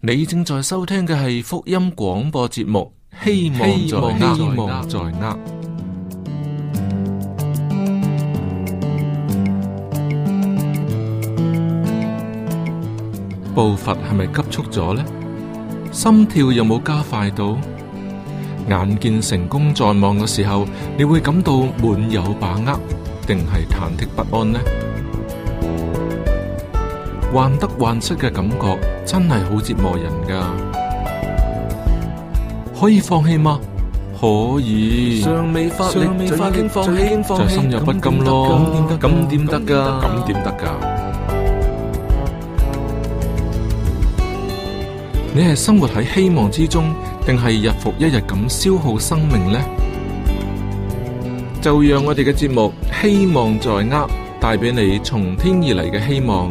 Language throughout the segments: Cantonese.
你正在收聽嘅係福音廣播節目，希望，希望在握。步伐係咪急促咗呢？心跳有冇加快到？眼見成功在望嘅時候，你會感到滿有把握，定係忐忑不安呢？患得患失嘅感覺真係好折磨人噶，可以放棄嗎？可以，尚未發力，最應放棄就心有不甘咯。咁點得噶？咁點得噶？你係生活喺希望之中，定係日復一日咁消耗生命呢？就讓我哋嘅節目《希望在握》，帶俾你從天而嚟嘅希望。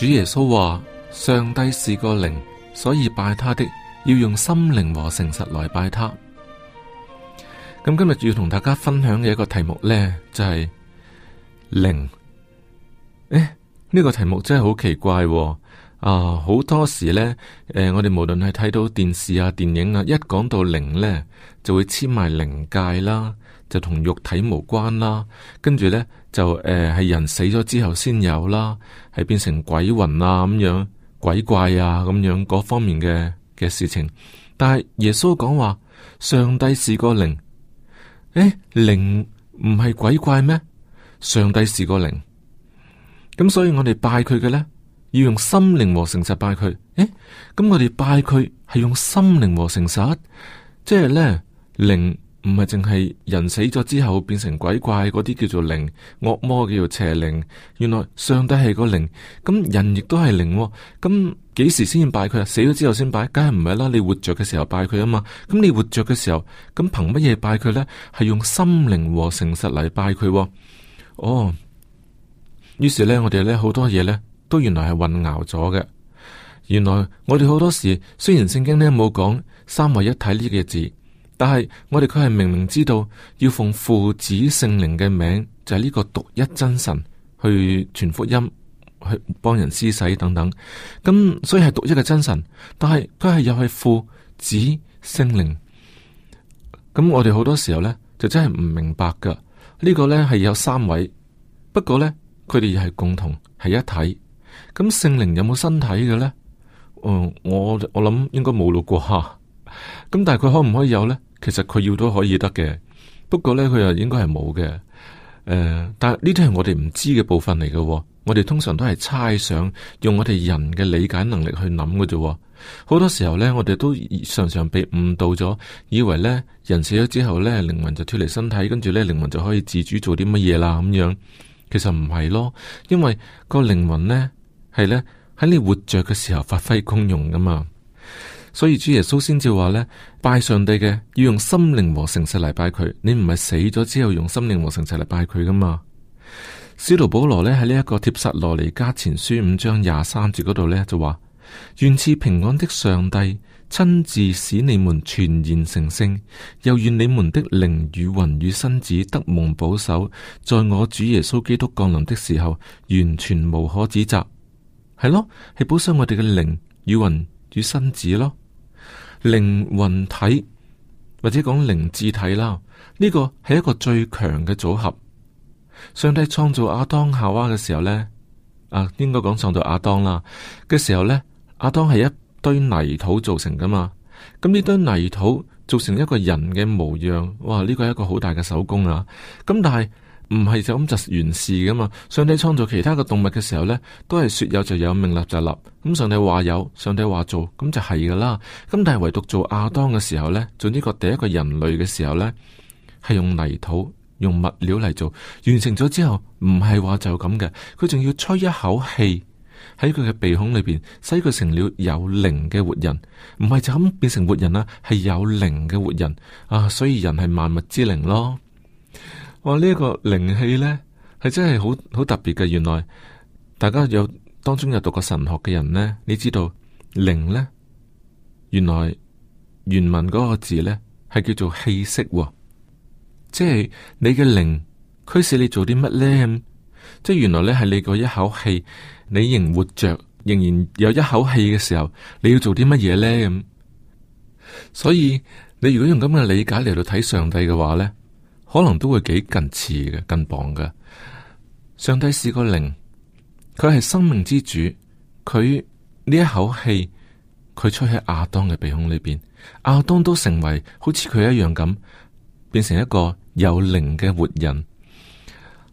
主耶穌話：上帝是個靈，所以拜他的要用心靈和誠實來拜他。咁今日要同大家分享嘅一個題目呢，就係、是、靈。誒，呢、這個題目真係好奇怪，哦。啊，好多時呢，誒、呃，我哋無論係睇到電視啊、電影啊，一講到靈呢，就會簽埋靈界啦。就同肉體無關啦，跟住呢，就誒係、呃、人死咗之後先有啦，係變成鬼魂啊咁樣、鬼怪啊咁樣嗰方面嘅嘅事情。但係耶穌講話，上帝是個靈，誒靈唔係鬼怪咩？上帝是個靈，咁所以我哋拜佢嘅呢，要用心靈和誠實拜佢。誒，咁我哋拜佢係用心靈和誠實，即係呢靈。唔係淨係人死咗之後變成鬼怪嗰啲叫做靈，惡魔叫做邪靈。原來上帝係個靈，咁人亦都係靈。咁幾時先要拜佢啊？死咗之後先拜，梗係唔係啦。你活着嘅時候拜佢啊嘛。咁你活着嘅時候，咁憑乜嘢拜佢呢？係用心靈和誠實嚟拜佢。哦，於是呢，我哋呢好多嘢呢都原來係混淆咗嘅。原來我哋好多時雖然聖經呢冇講三位一體呢個字。但係我哋佢係明明知道要奉父子聖靈嘅名，就係呢個獨一真神去傳福音，去幫人施洗等等。咁所以係獨一嘅真神，但係佢係又係父子聖靈。咁我哋好多時候呢，就真係唔明白噶。呢個呢係有三位，不過呢，佢哋係共同係一體。咁聖靈有冇身體嘅呢？嗯，我我諗應該冇咯啩。咁但係佢可唔可以有呢？其實佢要都可以得嘅，不過呢，佢又應該係冇嘅。誒，但係呢啲係我哋唔知嘅部分嚟嘅，我哋通常都係猜想，用我哋人嘅理解能力去諗嘅啫。好多時候呢，我哋都常常被誤導咗，以為呢，人死咗之後呢，靈魂就脫離身體，跟住呢，靈魂就可以自主做啲乜嘢啦咁樣。其實唔係咯，因為個靈魂呢，係呢，喺你活着嘅時候發揮功用㗎嘛。所以主耶穌先至話呢：「拜上帝嘅要用心靈和誠實嚟拜佢，你唔係死咗之後用心靈和誠實嚟拜佢噶嘛？使徒保羅呢，喺呢一個帖撒羅尼迦前書五章廿三節嗰度呢，就話，願賜平安的上帝親自使你們全然成聖，又願你們的靈與魂與身子得蒙保守，在我主耶穌基督降臨的時候完全無可指責。係咯，係保守我哋嘅靈與魂與身子咯。靈魂體或者講靈智體啦，呢、這個係一個最強嘅組合。上帝創造亞當夏娃嘅時候呢，啊，應該講創造亞當啦嘅時候呢，亞當係一堆泥土造成噶嘛。咁呢堆泥土做成一個人嘅模樣，哇！呢、這個係一個好大嘅手工啊。咁但係。唔係就咁就完事噶嘛？上帝創造其他嘅動物嘅時候呢，都係說有就有，命立就立。咁上帝話有，上帝話做，咁就係噶啦。咁但係唯獨做亞當嘅時候呢，做呢個第一個人類嘅時候呢，係用泥土、用物料嚟做。完成咗之後，唔係話就咁嘅，佢仲要吹一口氣喺佢嘅鼻孔裏邊，使佢成了有靈嘅活人。唔係就咁變成活人啦，係有靈嘅活人啊！所以人係萬物之靈咯。我呢個靈氣呢，係真係好好特別嘅。原來大家有當中有讀過神學嘅人呢，你知道靈呢，原來原文嗰個字呢，係叫做氣息，哦，即係你嘅靈，驅使你做啲乜呢？即係原來呢，係你嗰一口氣，你仍活着，仍然有一口氣嘅時候，你要做啲乜嘢呢？咁所以你如果用咁嘅理解嚟到睇上帝嘅話呢，可能都會幾近似嘅近傍嘅。上帝是個靈，佢係生命之主，佢呢一口氣，佢吹喺亞當嘅鼻孔裏邊，亞當都成為好似佢一樣咁，變成一個有靈嘅活人。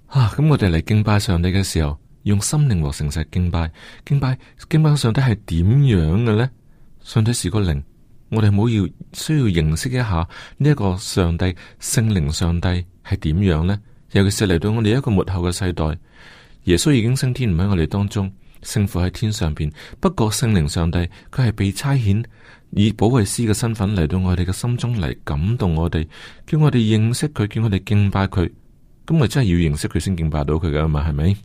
啊，咁我哋嚟敬拜上帝嘅時候，用心靈和誠實敬拜，敬拜敬拜上帝係點樣嘅呢？上帝是個靈。我哋冇要需要認識一下呢一個上帝聖靈上帝係點樣呢？尤其是嚟到我哋一個末後嘅世代，耶穌已經升天唔喺我哋當中，聖父喺天上邊。不過聖靈上帝佢係被差遣以保惠師嘅身份嚟到我哋嘅心中，嚟感動我哋，叫我哋認識佢，叫我哋敬拜佢。咁咪真係要認識佢先敬拜到佢噶嘛？係咪？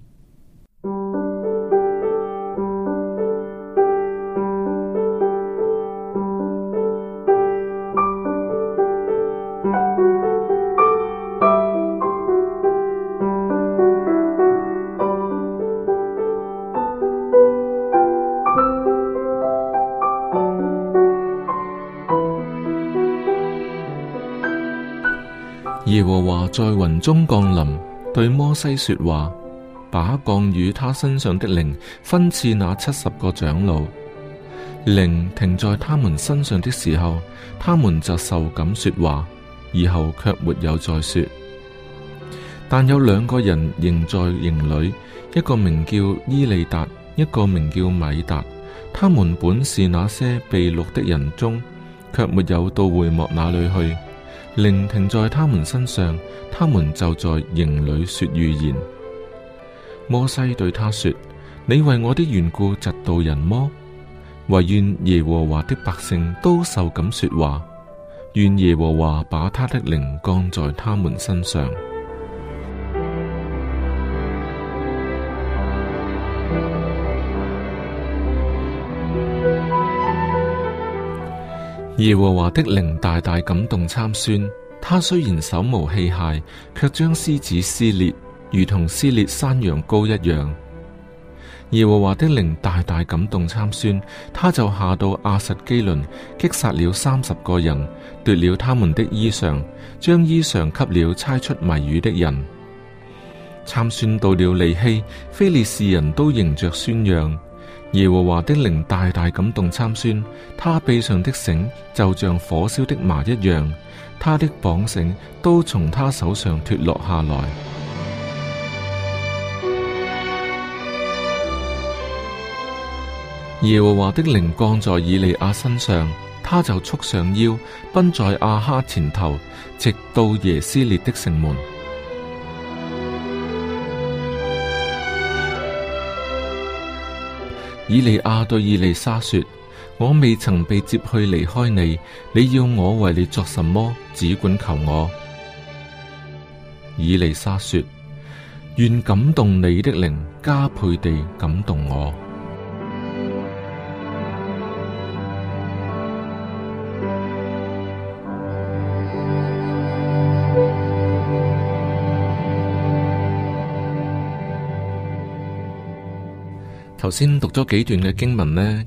在雲中降臨，對摩西說話，把降與他身上的靈分賜那七十個長老。靈停在他們身上的時候，他們就受感說話，以後卻沒有再說。但有兩個人仍在營裏，一個名叫伊利達，一個名叫米達。他們本是那些被錄的人中，卻沒有到會幕那裏去。靈停在他們身上，他們就在營裏說預言。摩西對他說：你為我的緣故嫉妒人麼？唯願耶和華的百姓都受感說話，願耶和華把他的靈降在他們身上。耶和華的靈大大感動參孫，他雖然手無器械，卻將獅子撕裂，如同撕裂山羊羔一樣。耶和華的靈大大感動參孫，他就下到亞實基倫，擊殺了三十個人，奪了他們的衣裳，將衣裳給了猜出謎語的人。參孫到了利希，非利士人都迎着喧嚷。耶和華的靈大大感動參孫，他背上的繩就像火燒的麻一樣，他的綁繩都從他手上脱落下來。耶和華的靈降在以利亞身上，他就束上腰，奔在阿哈前頭，直到耶斯列的城門。以利亞對以利沙說：我未曾被接去離開你，你要我為你作什麼，只管求我。以利沙說：願感動你的靈加倍地感動我。頭先讀咗幾段嘅經文呢，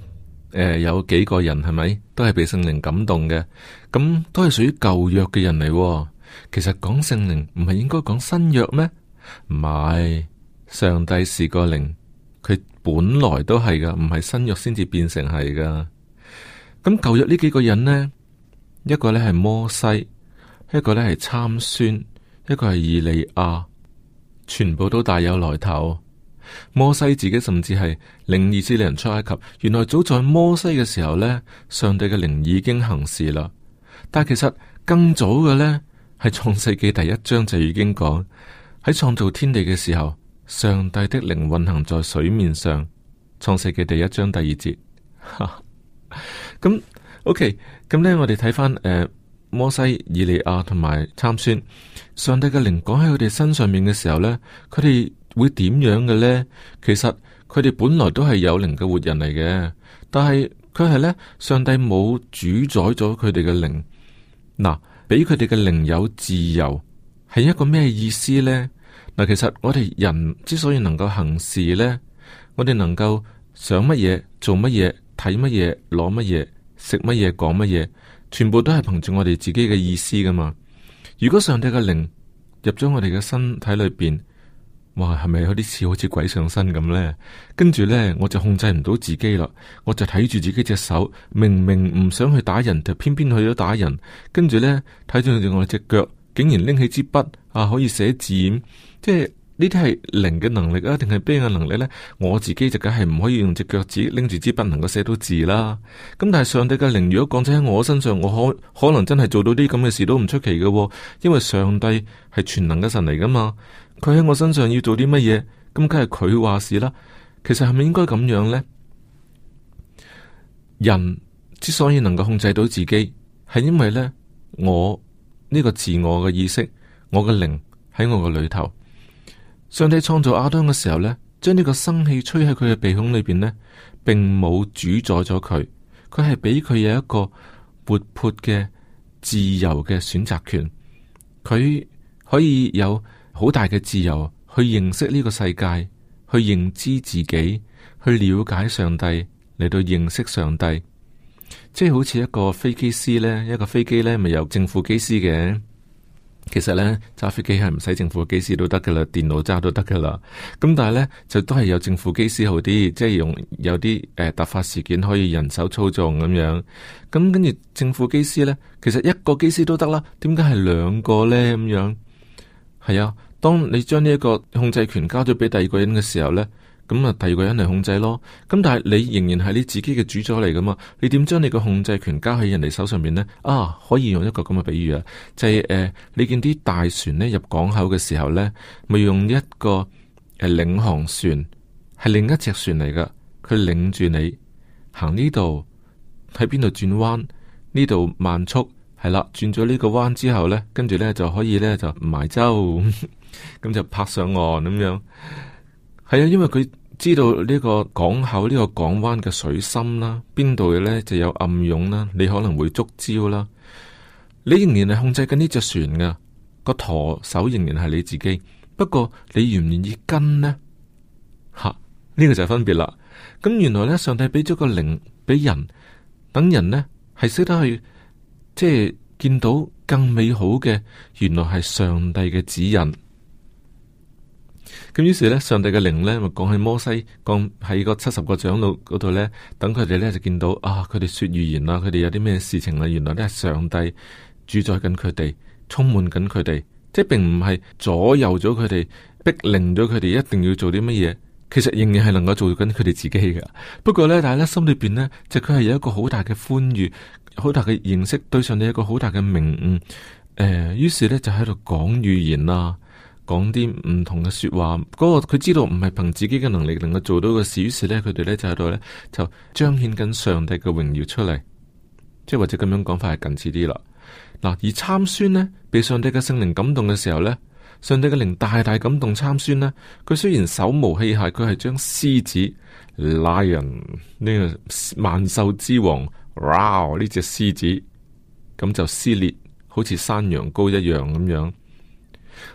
誒、呃，有幾個人係咪都係被聖靈感動嘅？咁都係屬於舊約嘅人嚟。其實講聖靈唔係應該講新約咩？唔係，上帝是個靈，佢本來都係噶，唔係新約先至變成係噶。咁舊約呢幾個人呢，一個呢係摩西，一個呢係參孫，一個係以利亞，全部都大有來頭。摩西自己甚至係領以色列人出埃及，原來早在摩西嘅時候呢，上帝嘅靈已經行事啦。但其實更早嘅呢，係創世記第一章就已經講喺創造天地嘅時候，上帝的靈運行在水面上。創世記第一章第二節。咁 OK，咁呢，我哋睇翻、誒摩西、以利亞同埋參孫，上帝嘅靈講喺佢哋身上面嘅時候呢，佢哋。會點樣嘅呢？其實佢哋本來都係有靈嘅活人嚟嘅，但係佢係咧，上帝冇主宰咗佢哋嘅靈，嗱，俾佢哋嘅靈有自由，係一個咩意思呢？嗱，其實我哋人之所以能夠行事呢，我哋能夠想乜嘢、做乜嘢、睇乜嘢、攞乜嘢、食乜嘢、講乜嘢，全部都係憑住我哋自己嘅意思噶嘛。如果上帝嘅靈入咗我哋嘅身體裏邊，哇，係咪有啲似好似鬼上身咁呢？跟住呢，我就控制唔到自己啦，我就睇住自己隻手，明明唔想去打人，就偏偏去咗打人。跟住呢，睇住我隻腳，竟然拎起支筆啊，可以寫字。即係呢啲係靈嘅能力啊，定係邊嘅能力呢？我自己就梗係唔可以用隻腳趾拎住支筆，筆能夠寫到字啦。咁但係上帝嘅靈，如果降咗喺我身上，我可可能真係做到啲咁嘅事都唔出奇嘅，哦。因為上帝係全能嘅神嚟噶嘛。佢喺我身上要做啲乜嘢？咁梗係佢話事啦。其實係咪應該咁樣咧？人之所以能夠控制到自己，係因為咧，我呢個自我嘅意識，我嘅靈喺我個裏頭。上帝創造亞當嘅時候咧，將呢個生氣吹喺佢嘅鼻孔裏邊咧，並冇主宰咗佢，佢係俾佢有一個活潑嘅自由嘅選擇權，佢可以有。好大嘅自由去認識呢個世界，去認知自己，去了解上帝嚟,到認識上帝，即係好似一個飛機師呢，一個飛機呢咪有正副機師嘅。其實呢，揸飛機係唔使正副機師都得噶啦，電腦揸都得噶啦。咁但係呢，就都係有正副機師好啲，即係用有啲誒、呃、突發事件可以人手操縱咁樣。咁跟住正副機師呢，其實一個機師都得啦，點解係兩個呢？咁樣？係啊。當你將呢一個控制權交咗俾第二個人嘅時候呢，咁啊第二個人嚟控制咯。咁但係你仍然係你自己嘅主宰嚟噶嘛。你點將你嘅控制權交喺人哋手上面呢？啊，可以用一個咁嘅比喻啊，就係、誒呃、你見啲大船呢入港口嘅時候呢，咪用一個誒、呃、領航船，係另一隻船嚟噶，佢領住你行呢度，喺邊度轉彎，呢度慢速，係啦，轉咗呢個彎之後呢，跟住呢就可以呢就埋舟。 咁就泊上岸咁樣，係啊，因為佢知道呢個港口呢個港灣嘅水深啦，邊度嘅呢就有暗湧啦，你可能會觸礁啦。你仍然係控制緊呢隻船噶，個舵手仍然係你自己。不過你願唔願意跟呢？吓，呢個就係分別啦。咁原來呢，上帝俾咗個靈俾人，等人呢，係識得去，即係見到更美好嘅，原來係上帝嘅指引。咁於是呢，上帝嘅靈呢，咪降喺摩西，降喺個七十個長老度咧，等佢哋呢，就見到啊，佢哋說預言啊，佢哋有啲咩事情啊，原來咧係上帝主宰緊佢哋，充滿緊佢哋，即係並唔係左右咗佢哋，逼令咗佢哋一定要做啲乜嘢，其實仍然係能夠做緊佢哋自己嘅。不過呢，但係咧心裏邊呢，就佢、是、係有一個好大嘅歡愉，好大嘅認識，對上你一個好大嘅名誤，誒、呃，於是呢，就喺度講預言啦、啊。講啲唔同嘅說話，嗰個佢知道唔係憑自己嘅能力能夠做到嘅事，於是呢，佢哋呢就喺度呢，就彰顯緊上帝嘅榮耀出嚟，即係或者咁樣講法係近似啲啦。嗱，而參孫呢，被上帝嘅聖靈感動嘅時候呢，上帝嘅靈大大感動參孫呢，佢雖然手無器械，佢係將獅子 lion 呢個萬獸之王哇，呢隻獅子咁就撕裂，好似山羊羔一樣咁樣。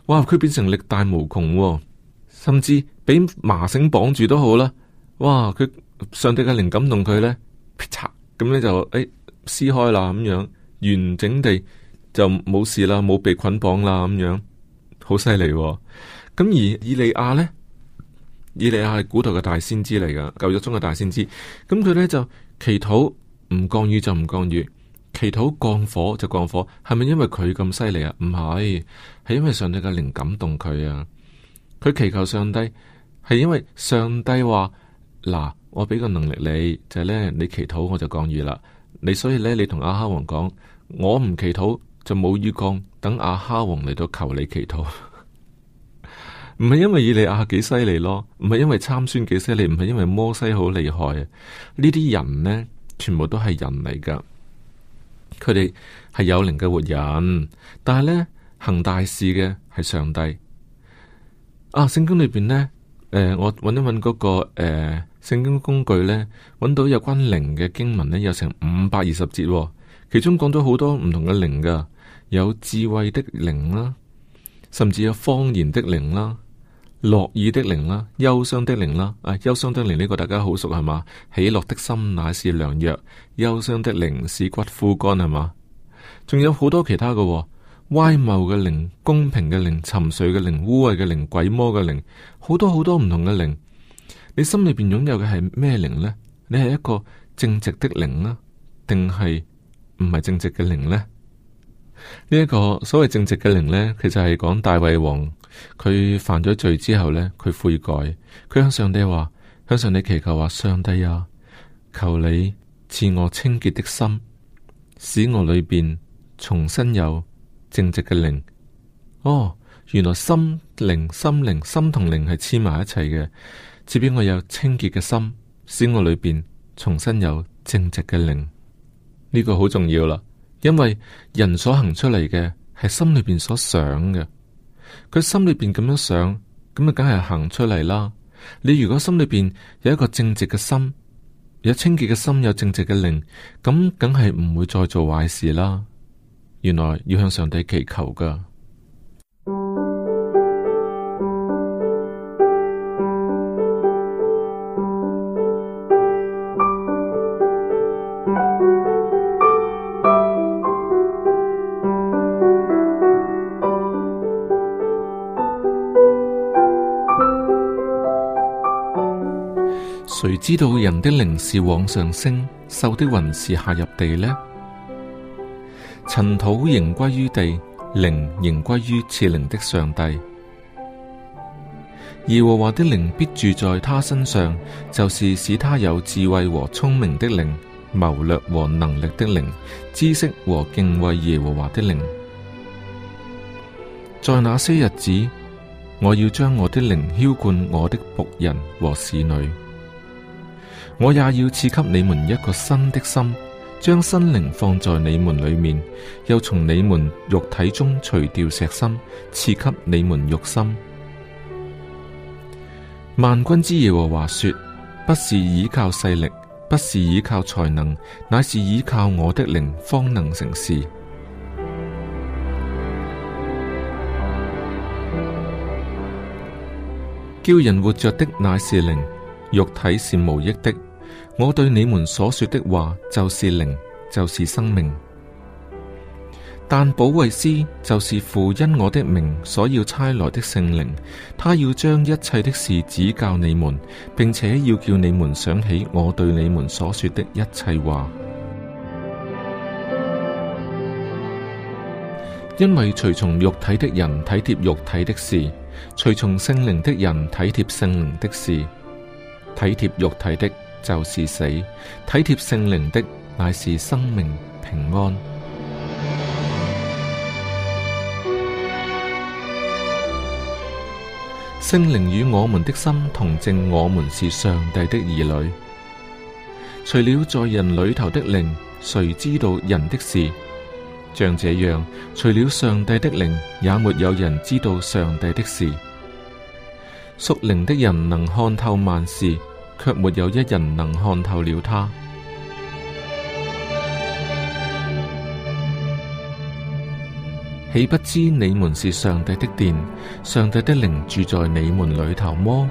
哇！佢變成力大無窮，甚至俾麻繩綁住都好啦。哇！佢上帝嘅靈感動佢呢，劈嚓咁呢就誒、欸、撕開啦，咁樣完整地就冇事啦，冇被捆綁啦，咁樣好犀、哦、利。咁而以利亞呢，以利亞係古代嘅大先知嚟噶舊約中嘅大先知。咁佢呢，就祈禱，唔降雨就唔降雨。祈禱降火就降火，係咪因為佢咁犀利啊？唔係，係因為上帝嘅靈感動佢啊。佢祈求上帝，係因為上帝話嗱，我俾個能力你，就係呢，你祈禱我就降雨啦。你所以呢？你同阿哈王講，我唔祈禱就冇雨降，等阿哈王嚟到求你祈禱。唔 係因為以利亞幾犀利咯，唔係因為參孫幾犀利，唔係因為摩西好厲害。呢啲人呢，全部都係人嚟噶。佢哋係有靈嘅活人，但係呢，行大事嘅係上帝。啊，聖經裏邊呢，誒、呃，我揾一揾嗰、那個誒聖、呃、經工具呢，揾到有關靈嘅經文呢，有成五百二十節，其中講咗好多唔同嘅靈噶，有智慧的靈啦，甚至有方言的靈啦。樂意的靈啦，憂傷的靈啦，啊，憂傷的靈呢個大家好熟係嘛？喜樂的心乃是良藥，憂傷的靈是骨枯乾係嘛？仲有好多其他嘅、哦、歪謀嘅靈、公平嘅靈、沉睡嘅靈、污穢嘅靈、鬼魔嘅靈，好多好多唔同嘅靈。你心裏邊擁有嘅係咩靈呢？你係一個正直的靈呢？定係唔係正直嘅靈呢？呢一個所謂正直嘅靈呢，其實係講大衛王。佢犯咗罪之後呢，佢悔改，佢向上帝話，向上帝祈求話：上帝啊，求你賜我清潔的心，使我裏邊重新有正直嘅靈。哦，原來心靈、心靈、心同靈係黐埋一齊嘅。只畀我有清潔嘅心，使我裏邊重新有正直嘅靈。呢個好重要啦，因為人所行出嚟嘅係心裏邊所想嘅。佢心裏邊咁樣想，咁就梗係行出嚟啦。你如果心裏邊有一個正直嘅心，有清潔嘅心，有正直嘅靈，咁梗係唔會再做壞事啦。原來要向上帝祈求㗎。誰知道人的靈是往上升，獸的魂是下入地呢？塵土仍歸於地，靈仍歸於賜靈的上帝。耶和華的靈必住在他身上，就是使他有智慧和聰明的靈，謀略和能力的靈，知識和敬畏耶和華的靈。在那些日子，我要將我的靈澆灌我的僕人和使女。我也要賜給你們一個新的心，將心靈放在你們裏面，又從你們肉體中除掉石心，賜給你們肉心。萬軍之耶和華說：不是依靠勢力，不是依靠才能，乃是依靠我的靈方能成事。叫人活着的乃是靈，肉體是無益的。我對你們所說的話就是靈，就是生命。但保惠師就是父因我的名所要差來的聖靈，他要將一切的事指教你們，並且要叫你們想起我對你們所說的一切話。因為隨從肉體的人體貼肉體的事，隨從聖靈的人體貼聖靈的事，體貼肉體的。就是死，體貼聖靈的乃是生命平安。聖靈與我們的心同證。我們是上帝的兒女。除了在人裏頭的靈，誰知道人的事？像這樣，除了上帝的靈，也沒有人知道上帝的事。屬靈的人能看透萬事。卻沒有一人能看透了他。豈 不知你們是上帝的殿，上帝的靈住在你們裏頭麼？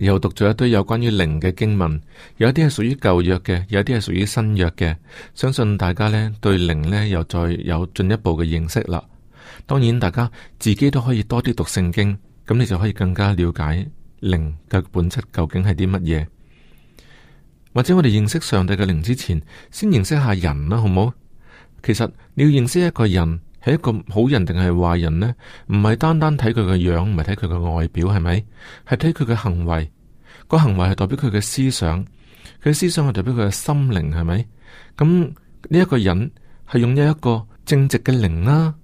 又讀咗一堆有關於靈嘅經文，有一啲係屬於舊約嘅，有一啲係屬於新約嘅。相信大家呢對靈呢又再有進一步嘅認識啦。當然，大家自己都可以多啲讀聖經，咁你就可以更加了解靈嘅本質究竟係啲乜嘢。或者我哋認識上帝嘅靈之前，先認識下人啦，好唔好？其實你要認識一個人。係一個好人定係壞人呢？唔係單單睇佢嘅樣，唔係睇佢嘅外表，係咪？係睇佢嘅行為，個行為係代表佢嘅思想，佢嘅思想係代表佢嘅心靈，係咪？咁呢一個人係擁有一個正直嘅靈啦，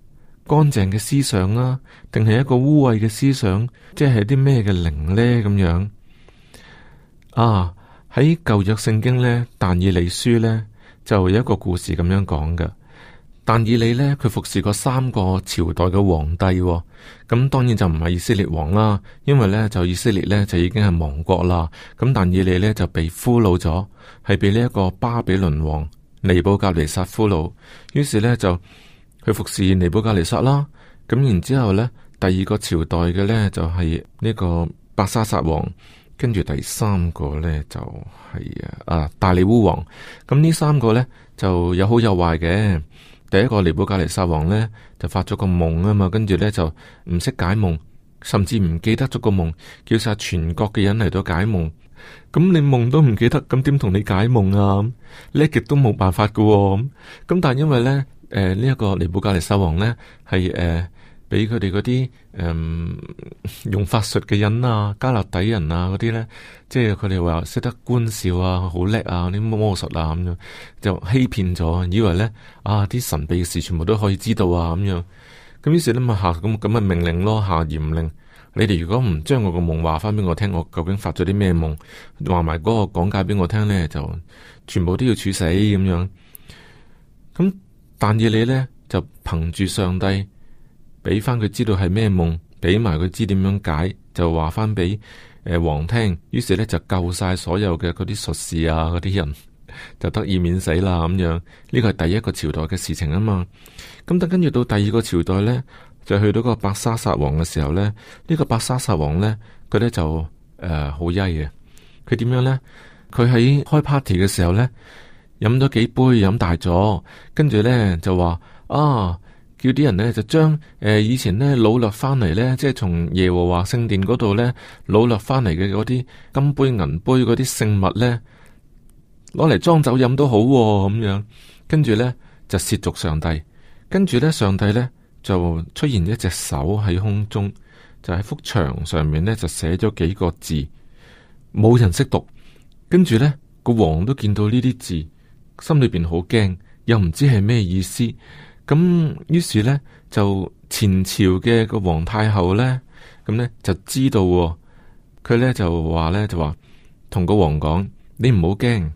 乾淨嘅思想啦、啊，定係一個污穢嘅思想？即係啲咩嘅靈呢？咁樣啊？喺舊約聖經呢，但以理書呢，就有一個故事咁樣講嘅。但以理呢，佢服侍過三個朝代嘅皇帝，哦，咁、嗯、當然就唔係以色列王啦，因為呢，就以色列呢，就已經係亡國啦。咁但以理呢，就被俘虜咗，係被呢一個巴比倫王尼布甲尼撒俘虜，於是呢，就去服侍尼布甲尼撒啦。咁然之後咧，第二個朝代嘅呢，就係、是、呢個伯沙撒王，跟住第三個呢，就係、是、啊大利烏王。咁、嗯、呢三個呢，就有好有壞嘅。第一個尼布甲尼撒王呢，就發咗個夢啊嘛，跟住呢，就唔識解夢，甚至唔記得咗個夢，叫晒全國嘅人嚟到解夢。咁你夢都唔記得，咁點同你解夢啊？叻極都冇辦法㗎、哦。咁咁但係因為呢，誒呢一個尼布甲尼撒王呢，係誒。呃俾佢哋嗰啲，誒、嗯，用法術嘅人啊，加勒底人啊，嗰啲咧，即係佢哋話識得觀兆啊，好叻啊，啲魔術啊，咁樣就欺騙咗，以為咧啊，啲神秘嘅事全部都可以知道啊，咁樣咁於是咧咪下咁咁咪命令咯，下嚴令你哋如果唔將我個夢話翻俾我聽，我究竟發咗啲咩夢，話埋嗰個講解俾我聽咧，就全部都要處死咁樣。咁但以理咧就憑住上帝。俾翻佢知道係咩夢，俾埋佢知點樣解，就話翻俾誒王聽。於是呢，就救晒所有嘅嗰啲術士啊，嗰啲人就得以免死啦咁樣。呢個係第一個朝代嘅事情啊嘛。咁等跟住到第二個朝代呢，就去到嗰個伯沙撒王嘅時候呢，呢、呢個伯沙撒王呢，佢呢就誒好曳嘅。佢、呃、點樣呢？佢喺開 party 嘅時候呢，飲咗幾杯，飲大咗，跟住呢，就話啊。叫啲人呢，就將誒、呃、以前呢擄掠翻嚟呢，即係從耶和華聖殿嗰度呢擄掠翻嚟嘅嗰啲金杯銀杯嗰啲聖物呢，攞嚟裝酒飲都好咁、啊、樣，跟住呢，就褻瀆上帝。跟住呢，上帝呢，就出現一隻手喺空中，就喺幅牆上面呢，就寫咗幾個字，冇人識讀。跟住呢，個王都見到呢啲字，心裏邊好驚，又唔知係咩意思。咁於是呢，就前朝嘅個皇太后呢，咁呢就知道、哦，佢呢就話呢就話同個王講：你唔好驚。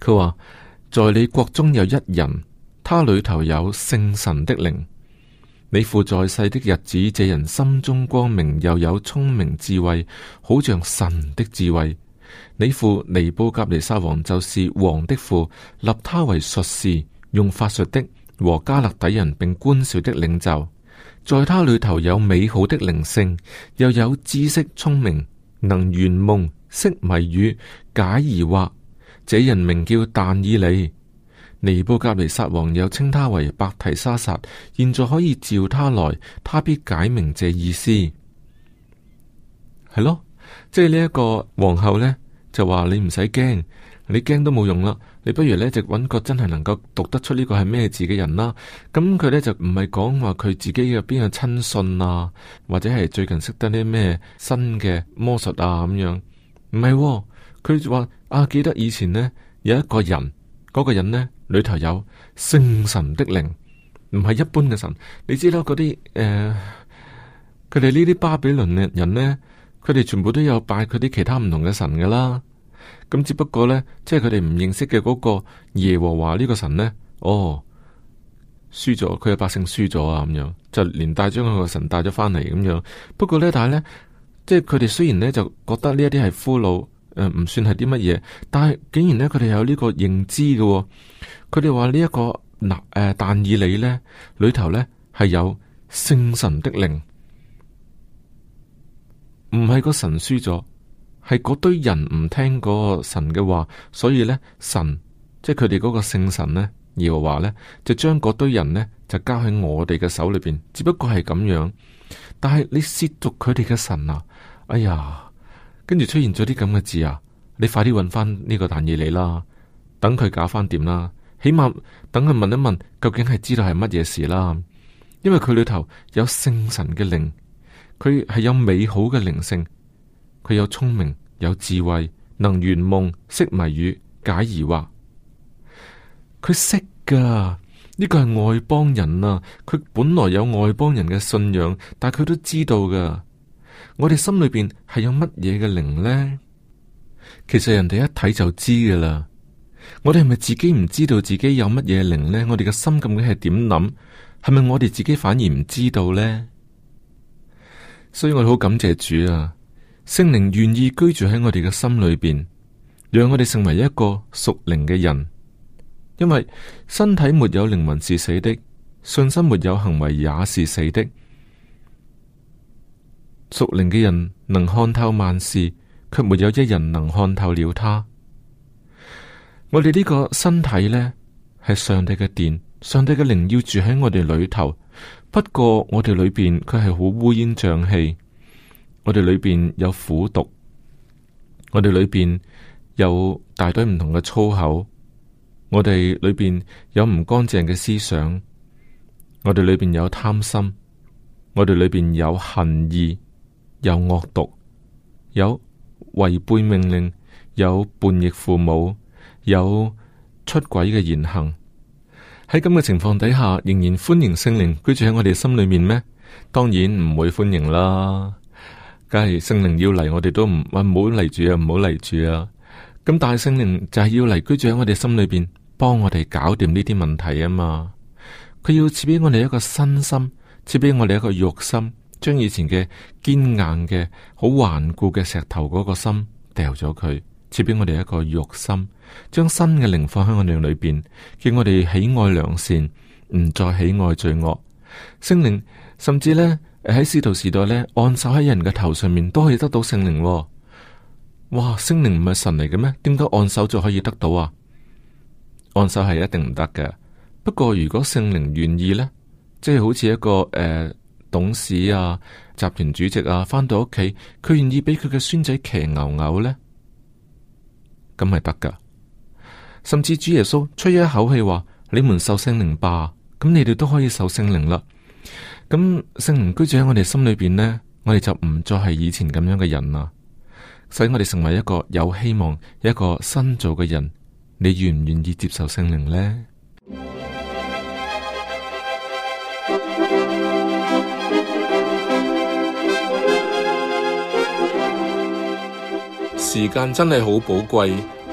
佢話：在你國中有一人，他裏頭有聖神的靈。你父在世的日子，這人心中光明，又有聰明智慧，好像神的智慧。你父尼布甲尼撒王就是王的父，立他為術士，用法術的。和加勒底人並觀兆的領袖，在他裏頭有美好的靈性，又有知識聰明，能圓夢，識謎語，解疑惑。這人名叫但以理。尼布甲尼撒王又稱他為伯提沙撒，現在可以召他來，他必解明這意思。係咯，即係呢一個皇后呢。就話你唔使驚，你驚都冇用啦。你不如呢就揾個真係能夠讀得出個，嗯，呢個係咩字嘅人啦。咁佢呢就唔係講話佢自己嘅邊個親信啊，或者係最近識得啲咩新嘅魔術啊咁樣。唔係，哦，佢就話啊，記得以前呢，有一個人，嗰、嗰個人呢裏頭有聖神的靈，唔係一般嘅神。你知啦，嗰啲誒，佢哋呢啲巴比倫嘅人呢。」佢哋全部都有拜佢啲其他唔同嘅神噶啦，咁只不過呢，即係佢哋唔認識嘅嗰個耶和華呢個神呢，哦，輸咗，佢嘅百姓輸咗啊，咁樣就連帶將佢個神帶咗翻嚟咁樣。不過呢，但係呢，即係佢哋雖然呢就覺得呢一啲係俘虜，呃，唔算係啲乜嘢，但係竟然呢，佢哋有呢個認知嘅，哦，佢哋話呢一個嗱，誒、呃，但以理呢，裏頭呢，係有聖神的靈。唔係個神輸咗，係嗰堆人唔聽個神嘅話，所以呢，神，即係佢哋嗰個聖神咧，耶和華呢，就將嗰堆人呢，就交喺我哋嘅手裏邊，只不過係咁樣。但係你褻瀆佢哋嘅神啊！哎呀，跟住出現咗啲咁嘅字啊！你快啲揾翻呢個譚義嚟啦，等佢假翻點啦，起碼等佢問一問究竟係知道係乜嘢事啦，因為佢裏頭有聖神嘅靈。佢係有美好嘅靈性，佢有聰明，有智慧，能圓夢，識謎語，解疑惑。佢識噶，呢個係外邦人啊。佢本來有外邦人嘅信仰，但係佢都知道噶。我哋心裏邊係有乜嘢嘅靈呢？其實人哋一睇就知噶啦。我哋係咪自己唔知道自己有乜嘢靈呢？我哋嘅心究竟係點諗？係咪我哋自己反而唔知道呢？所以我好感謝主啊，聖靈願意居住喺我哋嘅心裏邊，讓我哋成為一個屬靈嘅人。因為身體沒有靈魂是死的，信心沒有行為也是死的。屬靈嘅人能看透萬事，卻沒有一人能看透了他。我哋呢個身體呢，係上帝嘅殿，上帝嘅靈要住喺我哋裏頭。不過我哋裏邊佢係好烏煙瘴氣，我哋裏邊有苦毒，我哋裏邊有大堆唔同嘅粗口，我哋裏邊有唔乾淨嘅思想，我哋裏邊有貪心，我哋裏邊有恨意，有惡毒，有違背命令，有叛逆父母，有出軌嘅言行。喺咁嘅情況底下，仍然歡迎聖靈居住喺我哋心裏面咩？當然唔會歡迎啦。梗係聖靈要嚟，我哋都唔話唔好嚟住啊，唔好嚟住啊。咁但係聖靈就係要嚟居住喺我哋心裏邊，幫我哋搞掂呢啲問題啊嘛。佢要賜俾我哋一個新心，賜俾我哋一個肉心，將以前嘅堅硬嘅、好頑固嘅石頭嗰個心掉咗佢，賜俾我哋一個肉心。將新嘅靈放喺我哋裏邊，叫我哋喜愛良善，唔再喜愛罪惡。聖靈甚至呢，喺使徒時代呢，按手喺人嘅頭上面都可以得到聖靈，哦。哇！聖靈唔係神嚟嘅咩？點解按手就可以得到啊？按手係一定唔得嘅。不過如果聖靈願意呢，即係好似一個誒、呃、董事啊、集團主席啊，返到屋企，佢願意俾佢嘅孫仔騎牛牛呢？咁咪得噶。甚至主耶穌吹咗一口氣話：你們受聖靈吧，咁你哋都可以受聖靈啦。咁聖靈居住喺我哋心裏面呢，我哋就唔再係以前咁樣嘅人啦，使我哋成為一個有希望、一個新造嘅人。你願唔願意接受聖靈呢？時間真係好寶貴。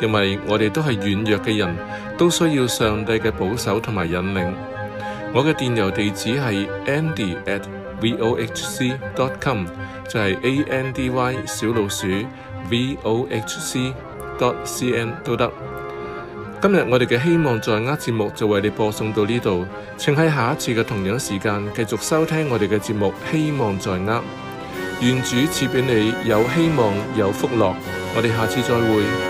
因為我哋都係軟弱嘅人，都需要上帝嘅保守同埋引領。我嘅電郵地址係 andy at vohc dot com，就係 a n d y 小老鼠 vohc dot c n 都得。今日我哋嘅希望在握節目就為你播送到呢度。請喺下一次嘅同樣時間繼續收聽我哋嘅節目。希望在握，願主賜畀你有希望有福樂。我哋下次再會。